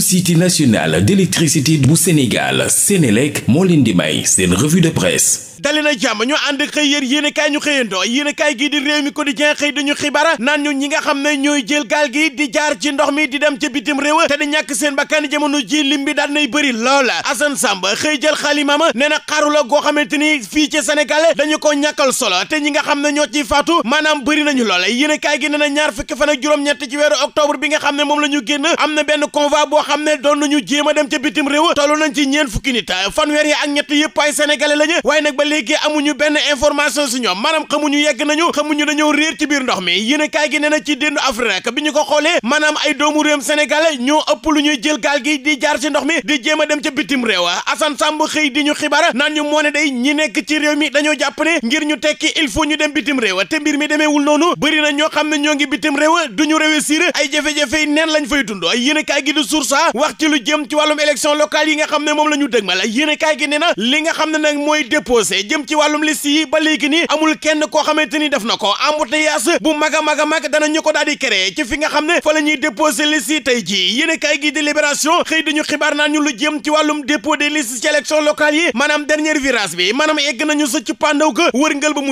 société nationale d'électricité bu Sénégal Sénélec moo leen di may seen revue de presse dali na jàmm ñu ànd xëy yér yéen ñu xëyandoo yéen kaay di réew mi quotidien xëy dañu xibaar naan ñu ñi nga xam ne ñooy jël gaal gi di jaar ci ndox mi di dem ca bitim réew te di ñàkk seen bakkan jamono ji lim bi daan nay bëri loola Assane Samba xëy jël xalimam nee na xaru la goo xamante ni fii ci Sénégal dañu ko ñàkkal solo te ñi nga xam ne ñoo ciy faatu maanaam bëri nañu loola yéen kaay gi nee na ñaar fukki fan ak juróom-ñett ci weeru moom la ñu xam ne doon nañu jéema dem ca bitim réew toll nañ ci ñeen fukki nit fanweer yi ak ñett yëpp ay sénégalais lañu waaye nag ba léegi amuñu benn information si ñoom maanaam xamuñu yegg nañu xamuñu dañoo réer ci biir ndox mi yéene kaay gi nee na ci déndu Afrique bi ñu ko xoolee maanaam ay doomu réewum Sénégal ñoo ëpp lu ñuy jël gaal gi di jaar ci ndox mi di jéem a dem ca bitim réew Assane Samb xëy di ñu xibaar naan ñu moo ne day ñi nekk ci réew mi dañoo jàpp ne ngir ñu tekki il faut ñu dem bitim réew te mbir mi demeewul noonu bëri na ñoo xam ne ñoo ngi bitim réew duñu réussir ay jafe-jafe yi neen lañ fay dund yéene kaay gi Moussa wax ci lu jëm ci wàllum élection locale yi nga xam ne moom la ñu dëgmal yéene kaay gi nee na li nga xam ne na mooy déposé jëm ci wàllum liste yi ba léegi ni amul kenn koo xamante ni def na ko embouteillage bu mag a mag a mag dana ñu ko daal di créé ci fi nga xam ne fa la ñuy déposé liste yi tey jii yéene kaay gi di libération xëy dañu xibaar naa ñu lu jëm ci wàllum dépôt des listes ci élection locale yi maanaam dernier virage bi maanaam egg nañu sa ci pàndaw ga wërngal ba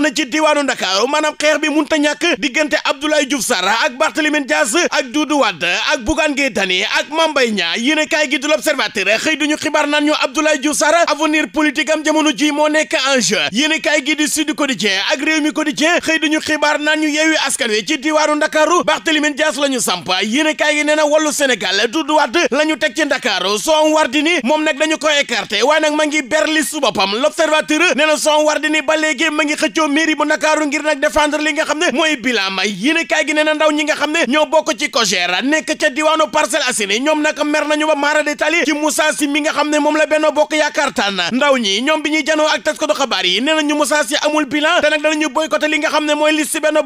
na ci diwaanu Ndakaaru maanaam xeex bi munta ñàkk diggante Abdoulaye Diouf Sarr ak Barthélémy Dias ak Doudou Wade ak Bougane Gueye Dany ak Mame Mbaye Niang yéen kaay gi du l'Observateur xëy duñu xibaar naan ñu Abdoulaye Diouf Sarr avenir politique am jamono ji moo nekk en jeu yéen kaay gi di Sud Quotidien ak Rewmi Quotidien xëy duñu xibaar naan ñu Yewwi Askan Wi ci diwaaru Ndakaaru Barthélémy Dias la ñu samp yéen kaay gi nee na Wallu Sénégal Doudou Wade la ñu teg ci Ndakaaru Soham Wardini moom nag dañu ko écarté waaye nag ma ngi berli su boppam l'Observateur nee na Soham Wardini ba léegi ma ngi li nga xam ne mooy bilan may yéen kaay na ndaw ñi nga xam ñoo bokk ci COJER nekk ca diwaanu Parcelles Assainies ñoom nag mer nañu ba maara de tali ci Moussa Sy mi nga xam ne moom la Benno Bokk Yaakaar tànn ndaw ñi ñoom bi ñuy janoo ak taskatu xabaar yi nee nañu Moussa Sy amul bilan te nag danañu boycotté li nga xam ne mooy liste Benno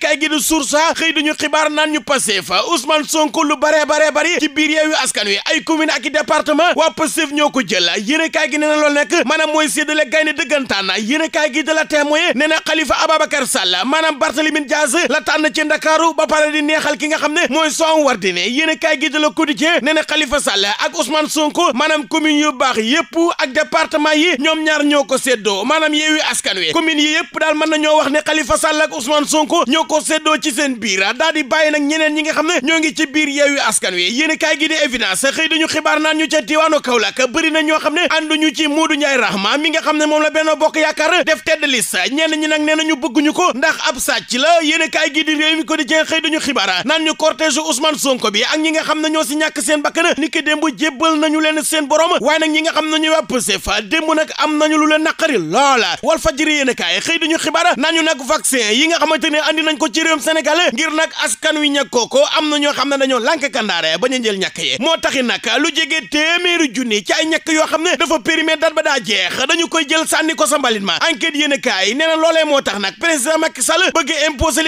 kay gi du source xëy duñu xibaar naan ñu passé fa Ousmane Sonko lu bare bare bari kay gi nee na loolu nekk maanaam mooy séddale gaynde dëggantaan la témoin na Khalifa Ababacar Sall gaz la tànn ci ndakaaru ba pare di neexal ki nga xam ne mooy Soham Wardini yéen a kaay gi de la Quotidien nee na Khalifa Sall ak Ousmane Sonko maanaam commune yu baax yépp ak département yi ñoom ñaar ñoo ko séddoo maanaam yeewi askan wi commune yi yépp daal mën na ñoo wax ne Khalifa Sall ak Ousmane Sonko ñoo ko séddoo ci seen biir daal di bàyyi nag ñeneen ñi nga xam ne ñoo ngi ci biir yeewi askan wi yéen a kaay gi di évidence xëy dañu xibaar naan ñu ca diwaanu ñoo xam ne ànduñu ci Modou Ndiaye Rahma mi nga xam ne moom la Benno Bokk Yaakaar def tedd liste ñenn ñi nag nee nañu ko ndax ab yéen a kaay gi di réew mi ko di jeex xëy dañu xibaar naan ñu cortège Ousmane Sonko bi ak ñi nga xam ne ñoo si ñàkk seen bakkan ni ki démb jébbal nañu leen seen borom waaye nag ñi nga xam ne ñuy waa Pastef démb nag am nañu lu leen naqari loola Walf Fadjri yéen a kaay xëy dañu xibaar naan nag vaccin yi nga xamante andi nañ ko ci réewum ngir nag askan wi ñàkk ko am na ñoo xam ne dañoo lànk kandaare bañ a jël ñàkk yi moo taxi nag lu jege yoo xam ne dafa périmé dat ba daa jeex dañu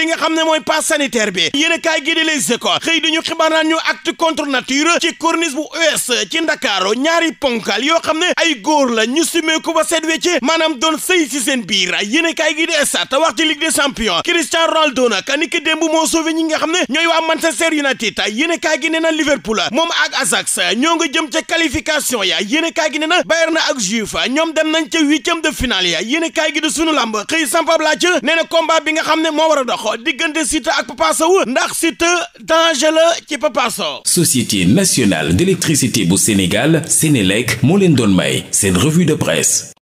na li nga xam ne mooy pass sanitaire bi yéen a kaay gi di Les Échos xëy dañu xibaar naan ñu acte contre nature ci corniche bu ouest ci Ndakaaru ñaari ponkal yoo xam ne ay góor la ñu ku ba seet wecce maanaam doon sëy si seen biir yéen a kaay gi di Stades wax ci Ligue des Champions Cristiano Ronaldo nag ni ki moo sauvé ñi nga xam ne ñooy waa Manchester United yéen a kaay gi nee na Liverpool moom ak Ajax ñoo nga jëm ca qualification ya yéen a kaay gi na Bayern ak ñoom dem nañ ca huitième de finale ya yéen a kaay gi di sunu na combat bi ne moo war a dox loxo diggante Siteu ak Papa ndax Siteu danger la ci Papa Sow Société nationale d'électricité bu Sénégal Sénélec moo leen doon may seen revue de presse